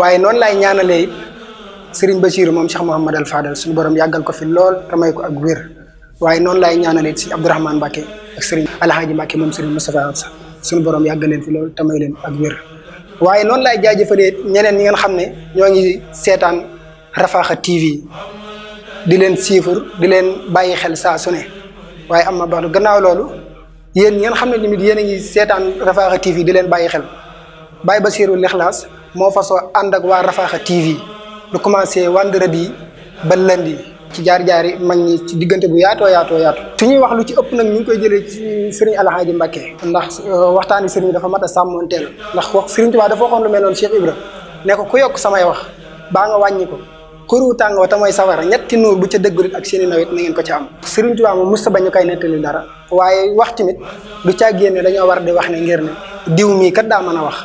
waaye noonu laay ñaanalee it Serigne Bachir moom Cheikh Mouhamad Al Fadal suñu borom yàggal ko fi lool tamay ko ak wér waaye noonu laay ñaanalee it si Abdourahmane Mbacke ak Serigne Alhaji Mbacke moom Serigne Moustapha Absa borom yàggal leen fi lool tamay leen ak wér. waaye noonu laay jaajëfalee ñeneen ñi ngeen xam ne ñoo ngi seetaan Rafaaxa TV di leen siifur di leen bàyyi xel saa su waaye am ma baax gannaaw loolu yéen ngeen xam ne tamit yéen a ngi seetaan Rafaaxa TV di leen bàyyi xel Baye Basirou Lexlaas moo fasoo ànd ak waa Rafaaxa TV lu commencé vendredi ba lundi ci jaar-jaari mag ñi ci diggante bu yaatoo yaatoo yaatu su ñuy wax lu ci ëpp nag ñu ngi koy jëlee ci sëriñ Alhaaji Mbàkke ndax euh, waxtaani sëriñ dafa mat a sàmmoonteel ndax wax sëriñ Tuubaa dafa waxoon lu mel noonu Cheikh Ibra ko ku yokk samay wax baa nga wàññi ko xuru tàng wa te mooy sawara ñetti nuur bu ca dëggulit ak seeni nawet na ngeen ko ca am sëriñ Tuubaa moom musta bañu koy nettali dara waaye wax tamit du caa génne dañoo war di wax ne ngir ne diw mii kat daa mën a wax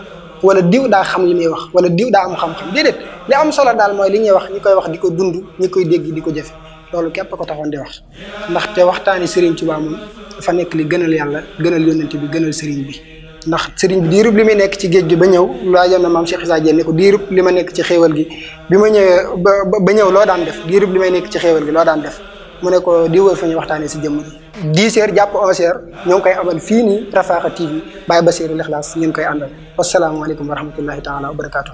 wala diw daa xam li muy wax wala diw daa am xam-xam déedéet li am solo daal mooy li ñuy wax ñi koy wax di ko dund ñi koy dégg di ko jëfe loolu képp ko taxoon di wax ndaxte waxtaani Serigne Touba moom fa nekk li gënal yàlla gënal yónnent bi gënal Serigne bi ndax sëriñ bi diirub li muy nekk ci géej gi ba ñëw laajoon na maam Cheikh ne ko diirub li ma ci xéewal gi bi ma ñëwee ba ba ñëw loo daan def diirub li may nekk ci xéewal gi loo daan def mu ne ko di wër fa ñuy waxtaanee si jëmm ji. 10 heures jàpp 11 heures ñoo ngi koy amal fii nii Rafah TV Baye Bassirou Likhlass ngeen koy àndal wasalaamaaleykum wa rahmatullahi taala wa barakaatu.